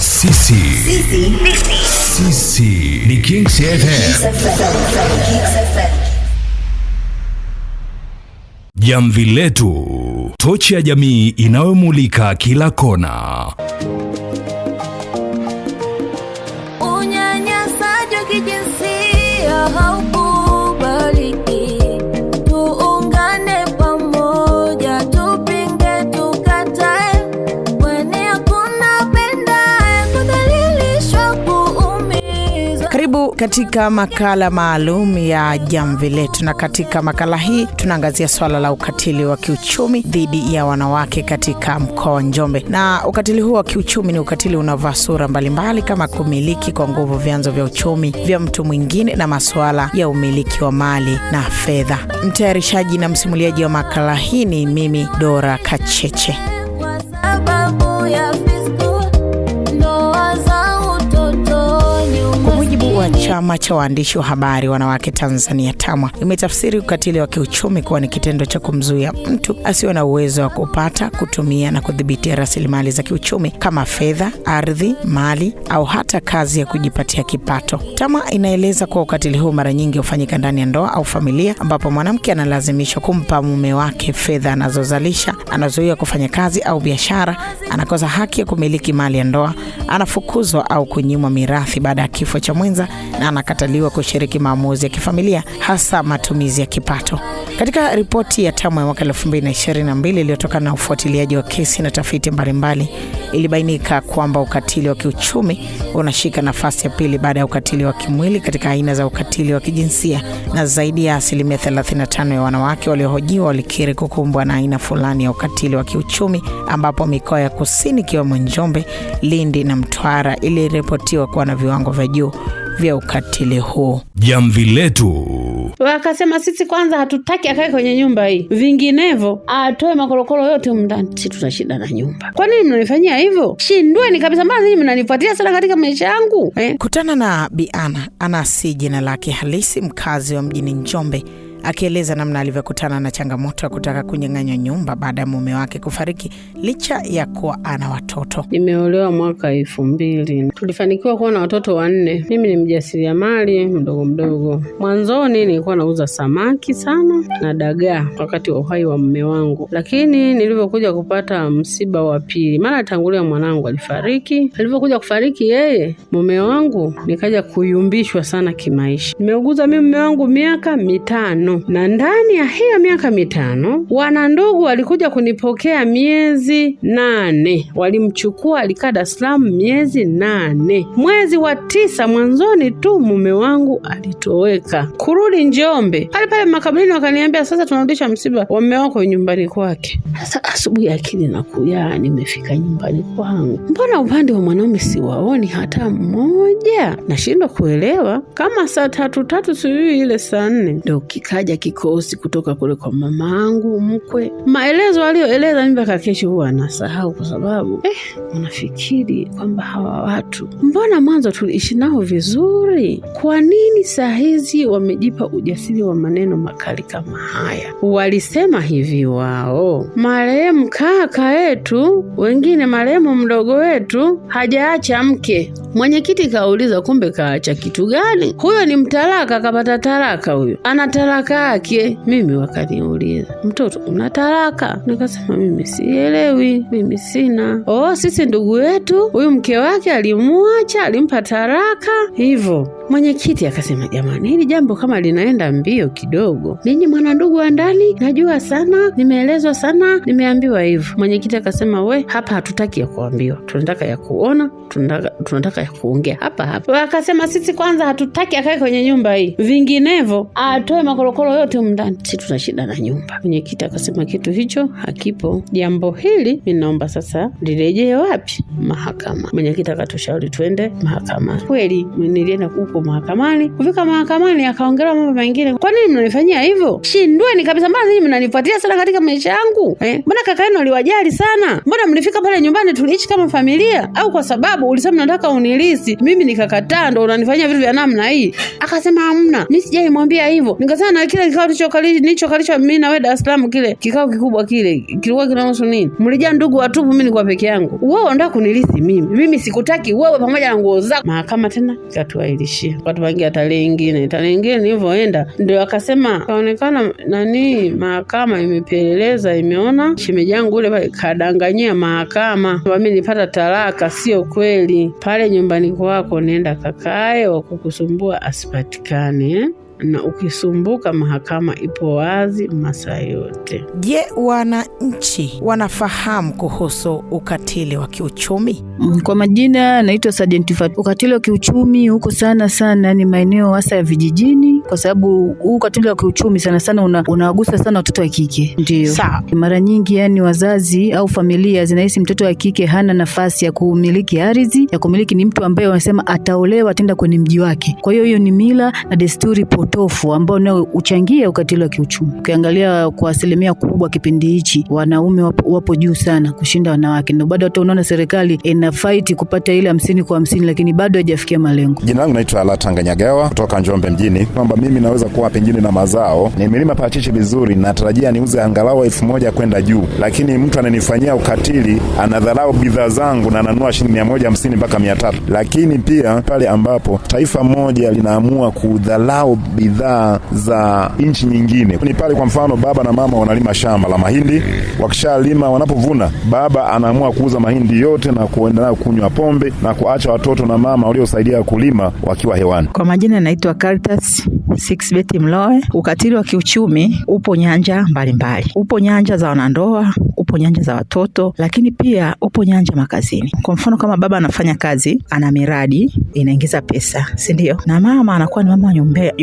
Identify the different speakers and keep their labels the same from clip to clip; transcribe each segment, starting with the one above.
Speaker 1: Sisi. Sisi ni Kings FM. Jamvi letu, tochi ya jamii inayomulika kila kona.
Speaker 2: katika makala maalum ya jamvi letu, na katika makala hii tunaangazia swala la ukatili wa kiuchumi dhidi ya wanawake katika mkoa wa Njombe. Na ukatili huo wa kiuchumi ni ukatili unaovaa sura mbalimbali kama kumiliki kwa nguvu vyanzo vya uchumi vya mtu mwingine na masuala ya umiliki wa mali na fedha. Mtayarishaji na msimuliaji wa makala hii ni mimi Dora Kacheche. wa chama cha waandishi wa habari wanawake Tanzania TAMWA imetafsiri ukatili wa kiuchumi kuwa ni kitendo cha kumzuia mtu asiwe na uwezo wa kupata, kutumia na kudhibitia rasilimali za kiuchumi kama fedha, ardhi, mali au hata kazi ya kujipatia kipato. TAMWA inaeleza kuwa ukatili huu mara nyingi hufanyika ndani ya ndoa au familia, ambapo mwanamke analazimishwa kumpa mume wake fedha anazozalisha, anazuia kufanya kazi au biashara, anakosa haki ya kumiliki mali ya ndoa, anafukuzwa au kunyimwa mirathi baada ya kifo cha mwenza na anakataliwa kushiriki maamuzi ya kifamilia hasa matumizi ya kipato. Katika ripoti ya tamu ya mwaka 2022 iliyotokana na ufuatiliaji wa kesi na tafiti mbalimbali, ilibainika kwamba ukatili wa kiuchumi unashika nafasi ya pili baada ya ukatili wa kimwili katika aina za ukatili wa kijinsia, na zaidi ya asilimia 35 ya wanawake waliohojiwa walikiri kukumbwa na aina fulani ya ukatili wa kiuchumi, ambapo mikoa ya kusini ikiwemo Njombe, Lindi na Mtwara iliripotiwa kuwa na viwango vya juu vya ukatili huu.
Speaker 1: Jamvi letu
Speaker 3: wakasema, sisi kwanza hatutaki akae kwenye nyumba hii, vinginevyo atoe makorokoro yote mndani, si shida na nyumba. Kwa nini mnanifanyia hivyo? Shindweni kabisa, mbona ninyi mnanifuatilia sana katika maisha yangu eh?
Speaker 2: Kutana na Biana Anasi, jina lake halisi, mkazi wa mjini Njombe akieleza namna alivyokutana na changamoto ya kutaka kunyang'anywa nyumba baada ya mume wake kufariki licha ya kuwa ana watoto.
Speaker 4: Nimeolewa mwaka elfu mbili, tulifanikiwa kuwa na watoto wanne. Mimi ni mjasiriamali mdogo mdogo. Mwanzoni nilikuwa nauza samaki sana na dagaa wakati wa uhai wa mume wangu, lakini nilivyokuja kupata msiba wa pili, mara tangulia mwanangu alifariki. Alivyokuja kufariki yeye mume wangu, nikaja kuyumbishwa sana kimaisha. Nimeuguza mimi mume wangu miaka mitano mitano, na ndani ya hiyo miaka mitano wana ndugu walikuja kunipokea miezi nane. Walimchukua, alikaa Dar es Salaam miezi nane. Mwezi wa tisa mwanzoni tu mume wangu alitoweka. Kurudi Njombe pale pale makaburini, wakaniambia sasa tunarudisha msiba wa mume wako nyumbani kwake. Sasa asubuhi akili na nimefika nyumbani kwangu, mbona upande wa mwanaume siwaoni hata mmoja? Nashindwa kuelewa. Kama saa tatu tatu sijui ile saa nne ndo kikaja akaja kikosi kutoka kule kwa mama angu mkwe. Maelezo aliyoeleza mimi mpaka kesho huwa anasahau, kwa sababu eh, unafikiri kwamba hawa watu mbona mwanzo tuliishi nao vizuri, kwa nini saa hizi wamejipa ujasiri wa maneno makali kama haya? Walisema hivi wao, marehemu kaka yetu, wengine marehemu mdogo wetu hajaacha mke. Mwenyekiti kauliza, kumbe kaacha kitu gani? Huyo ni mtalaka, kapata talaka, huyo ana talaka kakake. Mimi wakaniuliza, mtoto una talaka? Nikasema mimi sielewi, mimi sina. Oh, sisi ndugu yetu huyu mke wake alimuacha, alimpa talaka hivyo Mwenyekiti akasema, jamani, hili jambo kama linaenda mbio kidogo, ninyi mwana ndugu wa ndani, najua sana, nimeelezwa sana, nimeambiwa hivyo. Mwenyekiti akasema, we hapa hatutaki ya kuambiwa, tunataka ya kuona, tunataka, tunataka ya kuongea hapa hapa. Akasema, sisi kwanza hatutaki akae kwenye nyumba hii, vinginevyo atoe makorokoro yote mndani, si tuna shida na nyumba. Mwenyekiti akasema, kitu hicho hakipo, jambo hili naomba sasa lirejee wapi? Mahakama. Mwenyekiti akatushauri twende mahakama. Kweli nilienda huko mahakamani. Kufika mahakamani akaongelewa mambo mengine. Kwa nini mnanifanyia hivyo? Shindweni kabisa, mbona ninyi mnanifuatilia sana katika maisha yangu eh? Mbona kaka yenu aliwajali sana? Mbona mlifika pale nyumbani tuliishi kama familia? Au kwa sababu ulisema nataka unilisi mimi nikakataa, ndo unanifanyia vitu vya namna hii? Akasema hamna, mi sijaimwambia hivyo. Nikasema na kile kikao nilichokalisha mimi na wewe Dar es Salaam, kile kikao kikubwa kile kilikuwa kinahusu nini? Mlijaa ndugu watupu, mimi nilikuwa peke yangu. Wewe unataka kunilisi mimi, mimi sikutaki wewe pamoja na nguo zako. Mahakama tena ikatuahirisha nchi, wakatupangia tarehe ingine. Tarehe ingine nilivyoenda, ndio akasema kaonekana nani, mahakama imepeleleza, imeona shemeji yangu ule kadanganyia mahakama kwamba mimi nipata talaka. Sio kweli, pale nyumbani kwako nenda kakae, wakukusumbua asipatikane eh? na ukisumbuka, mahakama ipo wazi masaa yote.
Speaker 2: Je, wananchi wanafahamu kuhusu ukatili wa kiuchumi?
Speaker 5: Mm, kwa majina naitwa Sajenti Ukatili wa kiuchumi huko sana sana ni maeneo hasa ya vijijini, kwa sababu huu ukatili wa kiuchumi sana sana unawagusa sana watoto wa kike. Ndio mara nyingi, yani wazazi au familia zinahisi mtoto wa kike hana nafasi ya kumiliki ardhi, ya kumiliki ni mtu ambaye wanasema ataolewa, atenda kwenye mji wake. Kwa hiyo hiyo ni mila na desturi po upotofu ambao nao uchangia ukatili wa kiuchumi. Ukiangalia kwa asilimia kubwa kipindi hichi wanaume wapo, wapo juu sana kushinda wanawake, na bado hata unaona serikali ina fight kupata ile hamsini kwa hamsini, lakini bado haijafikia malengo.
Speaker 6: Jina langu naitwa Alata kutoka Njombe mjini, kwamba mimi naweza kuwa pengine na mazao, nimelima parachichi vizuri, natarajia niuze angalau elfu moja kwenda juu, lakini mtu ananifanyia ukatili, anadharau bidhaa zangu na ananua shilingi mia moja hamsini mpaka mia tatu. Lakini pia pale ambapo taifa moja linaamua kudharau bidhaa za nchi nyingine. Ni pale kwa mfano, baba na mama wanalima shamba la mahindi, wakishalima, wanapovuna, baba anaamua kuuza mahindi yote na kuenda nayo kunywa pombe na kuacha watoto na mama waliosaidia kulima wakiwa hewani.
Speaker 5: Kwa majina yanaitwa Caritas Beti Mloe. Ukatili wa kiuchumi upo nyanja mbalimbali mbali. Upo nyanja za wanandoa upo nyanja za watoto, lakini pia upo nyanja makazini. Kwa mfano kama baba anafanya kazi, ana miradi inaingiza pesa, si ndio? Na mama anakuwa ni mama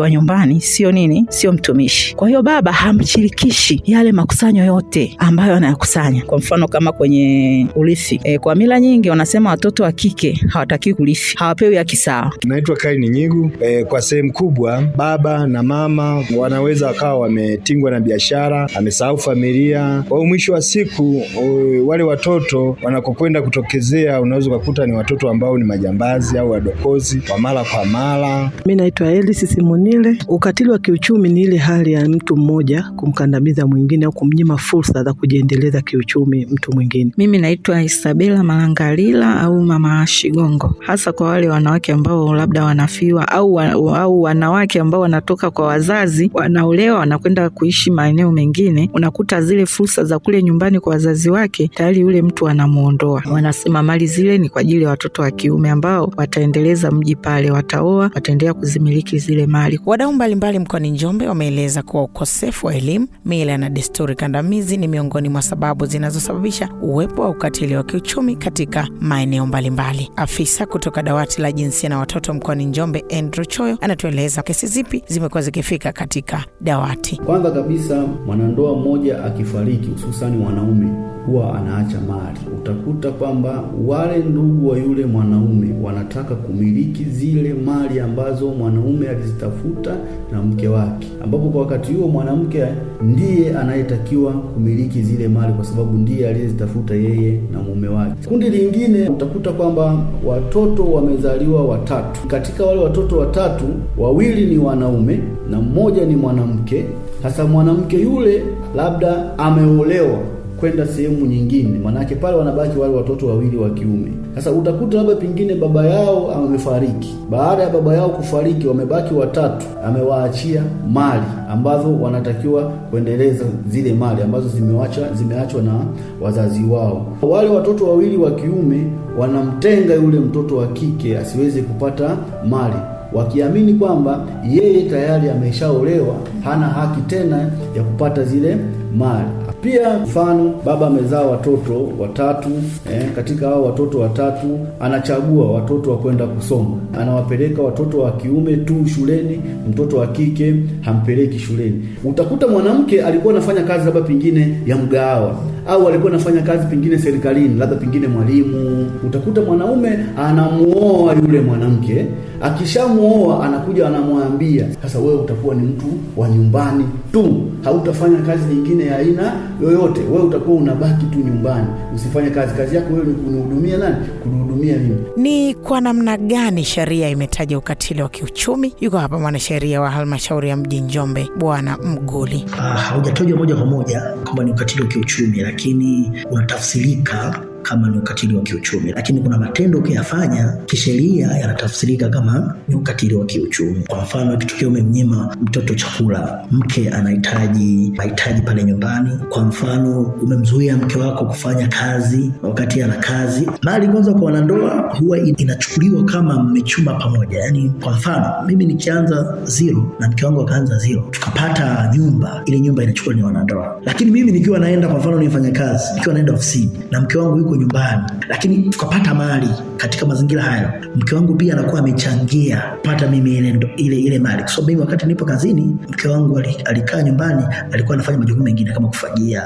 Speaker 5: wa nyumbani, sio nini, sio mtumishi. Kwa hiyo baba hamshirikishi yale makusanyo yote ambayo anayakusanya. Kwa mfano kama kwenye urithi e, kwa mila nyingi wanasema watoto wa kike hawatakiwi kurithi, hawapewi haki sawa.
Speaker 6: Naitwa Kaini Nyigu. E, kwa sehemu kubwa baba na mama wanaweza wakawa wametingwa na biashara, amesahau familia. Kwa hiyo mwisho wa siku alafu eh, wale watoto wanakokwenda kutokezea, unaweza ukakuta ni watoto ambao ni majambazi au wadokozi wa mara kwa mara.
Speaker 5: Mimi naitwa Elisi Simunile. Ukatili wa kiuchumi ni ile hali ya mtu mmoja kumkandamiza mwingine au kumnyima fursa za kujiendeleza kiuchumi mtu mwingine. Mimi naitwa Isabela Malangalila au Mama Shigongo, hasa kwa wale wanawake ambao labda wanafiwa au, au wanawake ambao wanatoka kwa wazazi wanaolewa wanakwenda kuishi maeneo mengine, unakuta zile fursa za kule nyumbani kwa wazazi wake, tayari yule mtu anamuondoa. Wanasema mali zile ni kwa ajili ya watoto wa kiume ambao wataendeleza mji pale, wataoa, wataendelea kuzimiliki zile mali.
Speaker 2: Wadau mbalimbali mkoani Njombe wameeleza kuwa ukosefu wa elimu, mila na desturi kandamizi ni miongoni mwa sababu zinazosababisha uwepo wa ukatili wa kiuchumi katika maeneo mbalimbali. Afisa kutoka dawati la jinsia na watoto mkoani Njombe, Andrew Choyo, anatueleza kesi zipi zimekuwa zikifika katika dawati.
Speaker 7: Kwanza kabisa, mwanandoa mmoja akifariki, hususani wanaume mwanaume huwa anaacha mali, utakuta kwamba wale ndugu wa yule mwanaume wanataka kumiliki zile mali ambazo mwanaume alizitafuta na mke wake, ambapo kwa wakati huo mwanamke ndiye anayetakiwa kumiliki zile mali kwa sababu ndiye aliyezitafuta yeye na mume wake. Kundi lingine utakuta kwamba watoto wamezaliwa watatu. Katika wale watoto watatu, wawili ni wanaume na mmoja ni mwanamke. Sasa mwanamke yule labda ameolewa kwenda sehemu nyingine, manake pale wanabaki wale watoto wawili wa kiume. Sasa utakuta labda pengine baba yao amefariki, baada ya baba yao kufariki wamebaki watatu, amewaachia mali ambazo wanatakiwa kuendeleza zile mali ambazo zimewacha zimeachwa na wazazi wao. Wale watoto wawili wa kiume wanamtenga yule mtoto wa kike asiweze kupata mali wakiamini kwamba yeye tayari ameshaolewa, hana haki tena ya kupata zile mali. Pia mfano baba amezaa watoto watatu eh, katika hao watoto watatu anachagua watoto wa kwenda kusoma, anawapeleka watoto wa kiume tu shuleni, mtoto wa kike hampeleki shuleni. Utakuta mwanamke alikuwa anafanya kazi labda pengine ya mgahawa au alikuwa anafanya kazi pengine serikalini, labda pengine mwalimu. Utakuta mwanaume anamuoa yule mwanamke, akishamuoa anakuja anamwambia, sasa wewe utakuwa ni mtu wa nyumbani tu, hautafanya kazi nyingine ya aina yoyote, wewe utakuwa unabaki tu nyumbani, usifanye kazi. Kazi yako wewe ni kunihudumia nani? Kunihudumia mimi.
Speaker 2: Ni kwa namna gani sheria imetaja ukatili wa kiuchumi? Yuko hapa mwanasheria wa halmashauri ya mji Njombe, Bwana Mguli.
Speaker 8: Ah, haujatajwa moja kwa moja kwamba ni ukatili wa kiuchumi, lakini unatafsirika kama ni ukatili wa kiuchumi, lakini kuna matendo ukiyafanya kisheria yanatafsirika kama ni ukatili wa kiuchumi. Kwa mfano, ikitokea umemnyima mtoto chakula, mke anahitaji mahitaji pale nyumbani, kwa mfano umemzuia mke wako kufanya kazi wakati ana kazi. Mali kwanza kwa wanandoa huwa inachukuliwa kama mmechuma pamoja, Yani kwa mfano mimi nikianza zero na mke wangu akaanza zero, tukapata nyumba, ile nyumba inachukuliwa ni wanandoa, lakini mimi nikiwa naenda kwa mfano nifanya kazi nikiwa naenda ofisini na mke wangu yuko nyumbani, lakini tukapata mali katika mazingira hayo, mke wangu pia anakuwa amechangia pata mimi ile, ile, ile mali, kwa sababu mimi wakati nipo kazini mke wangu alikaa nyumbani, alikuwa anafanya majukumu mengine kama kufagia,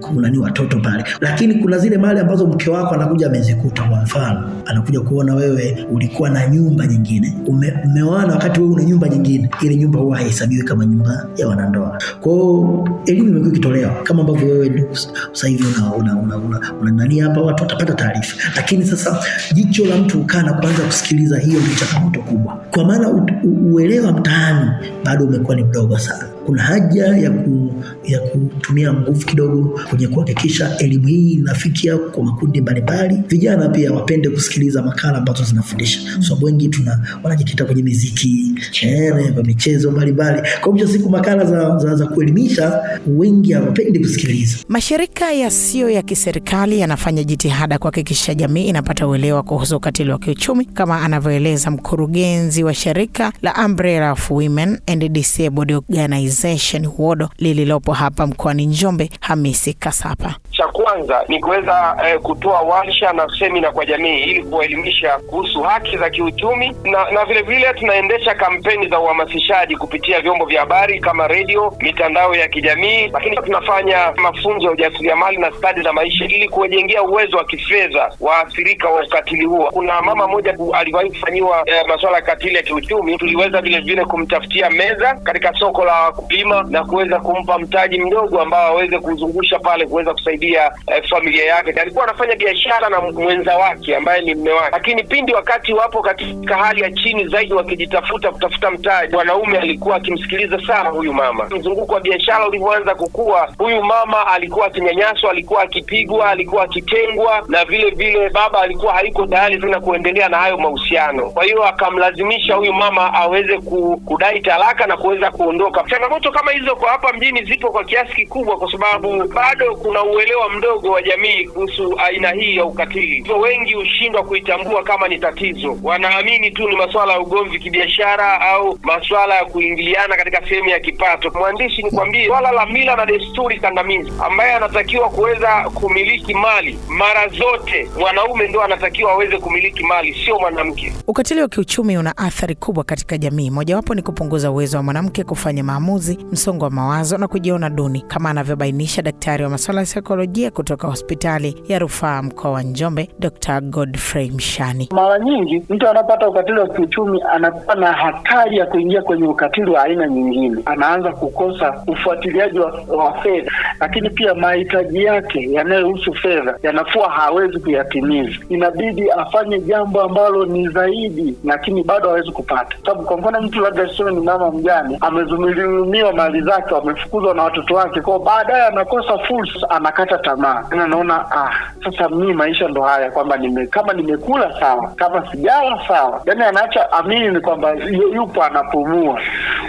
Speaker 8: kunani watoto pale, lakini kuna zile mali ambazo mke wako anakuja amezikuta. Kwa mfano, anakuja kuona wewe ulikuwa na nyumba nyingine, umeoana wakati wewe una nyumba nyingine, ile nyumba huwa haihesabiwi kama nyumba ya wanandoa. Kwa hiyo elimu imekuwa ikitolewa kama ambavyo wewe sasa hivi una, una, una, una, una nani hapa, watu watapata taarifa. Lakini sasa jicho la mtu ukaa na kuanza kusikiliza, hiyo ndio changamoto kubwa, kwa maana uelewa mtaani bado umekuwa ni mdogo sana kuna haja ya, ku, ya kutumia nguvu kidogo kwenye kuhakikisha elimu hii inafikia kwa makundi mbalimbali. Vijana pia wapende kusikiliza makala ambazo zinafundisha mm. sababu so, wengi tuna wanajikita kwenye miziki eh, kwa michezo mbalimbali. Kwa hiyo siku makala za, za, za kuelimisha wengi hawapendi kusikiliza.
Speaker 2: Mashirika yasiyo ya kiserikali yanafanya jitihada kuhakikisha jamii inapata uelewa kuhusu ukatili wa kiuchumi kama anavyoeleza mkurugenzi wa shirika la Umbrella of Women and Disabled Organizations Association wodo lililopo hapa mkoani Njombe, Hamisi Kasapa
Speaker 9: cha kwanza ni kuweza eh, kutoa warsha na semina kwa jamii ili kuwaelimisha kuhusu haki za kiuchumi, na, na vile vile tunaendesha kampeni za uhamasishaji kupitia vyombo vya habari kama redio, mitandao ya kijamii, lakini tunafanya mafunzo ya ujasiriamali na stadi za maisha ili kuwajengea uwezo wa kifedha waathirika wa ukatili huo. Kuna mama mmoja aliwahi kufanyiwa eh, masuala ya katili ya kiuchumi, tuliweza vile vile kumtafutia meza katika soko la wakulima na kuweza kumpa mtaji mdogo ambao aweze kuzungusha pale kuweza kusaidia kuangalia eh, familia yake. Alikuwa anafanya biashara na mwenza wake ambaye ni mme wake, lakini pindi wakati wapo katika hali ya chini zaidi, wakijitafuta kutafuta mtaji, mwanaume alikuwa akimsikiliza sana huyu mama. Mzunguko wa biashara ulivyoanza kukua, huyu mama alikuwa akinyanyaswa, alikuwa akipigwa, alikuwa akitengwa, na vile vile baba alikuwa haiko tayari tena kuendelea na hayo mahusiano. Kwa hiyo akamlazimisha huyu mama aweze kudai talaka na kuweza kuondoka. Changamoto kama hizo kwa hapa mjini zipo kwa kiasi kikubwa, kwa sababu bado kuna uelewa uelewa mdogo wa jamii kuhusu aina hii ya ukatili, hivyo wengi hushindwa kuitambua kama ni tatizo. Wanaamini tu ni masuala ya ugomvi kibiashara au masuala ya kuingiliana katika sehemu ya kipato. Mwandishi, nikwambie swala la mila na desturi kandamizi, ambaye anatakiwa kuweza kumiliki mali mara zote, mwanaume ndo anatakiwa aweze kumiliki mali, sio mwanamke.
Speaker 2: Ukatili wa kiuchumi una athari kubwa katika jamii, mojawapo ni kupunguza uwezo wa mwanamke kufanya maamuzi, msongo wa mawazo na kujiona duni, kama anavyobainisha daktari wa masuala ya saikolojia kurejea kutoka hospitali ya rufaa mkoa wa Njombe, Dr Godfrey Mshani.
Speaker 10: Mara nyingi mtu anapata ukatili wa kiuchumi anakuwa na hatari ya kuingia kwenye ukatili wa aina nyingine, anaanza kukosa ufuatiliaji wa, wa fedha, lakini pia mahitaji yake yanayohusu fedha yanakuwa hawezi kuyatimiza, inabidi afanye jambo ambalo ni zaidi, lakini bado hawezi kupata. Sababu kwa mfano mtu labda sio ni mama mjane, amezulumiwa mali zake, amefukuzwa na watoto wake kwao, baadaye anakosa fursa, anakata nimekata tamaa tena, naona ah, sasa mimi maisha ndo haya kwamba nime, kama nimekula sawa, kama sijala sawa, yani anaacha amini ni kwamba yupo anapumua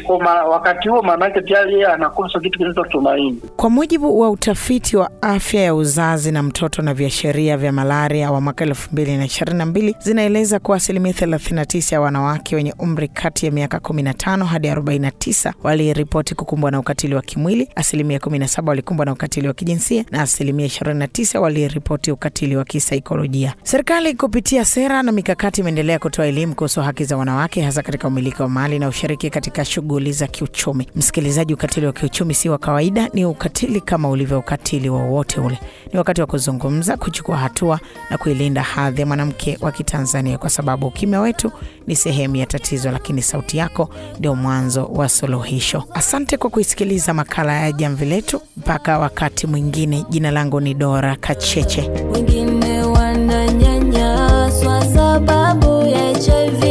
Speaker 10: kwa wakati huo, maanake tayari yeye anakosa kitu kinaitwa tumaini.
Speaker 2: Kwa mujibu wa utafiti wa afya ya uzazi na mtoto na viashiria vya malaria wa mwaka elfu mbili na ishirini na mbili zinaeleza kuwa asilimia 39 ya wanawake wenye umri kati ya miaka 15 hadi 49 waliripoti kukumbwa na ukatili wa kimwili, asilimia saba walikumbwa na ukatili wa kijinsia na asilimia 29 waliripoti ukatili wa kisaikolojia. Serikali kupitia sera na mikakati imeendelea kutoa elimu kuhusu haki za wanawake, hasa katika umiliki wa mali na ushiriki katika shughuli za kiuchumi. Msikilizaji, ukatili wa kiuchumi si wa kawaida, ni ukatili kama ulivyo ukatili wowote ule. Ni wakati wa kuzungumza, kuchukua hatua na kuilinda hadhi ya mwanamke wa Kitanzania, kwa sababu ukimya wetu ni sehemu ya tatizo, lakini sauti yako ndio mwanzo wa suluhisho. Asante kwa kuisikiliza makala ya Jamvi Letu. Mpaka wakati mwingine. Jina langu ni Dora Kacheche. Wengine wananyanyaswa sababu ya HIV.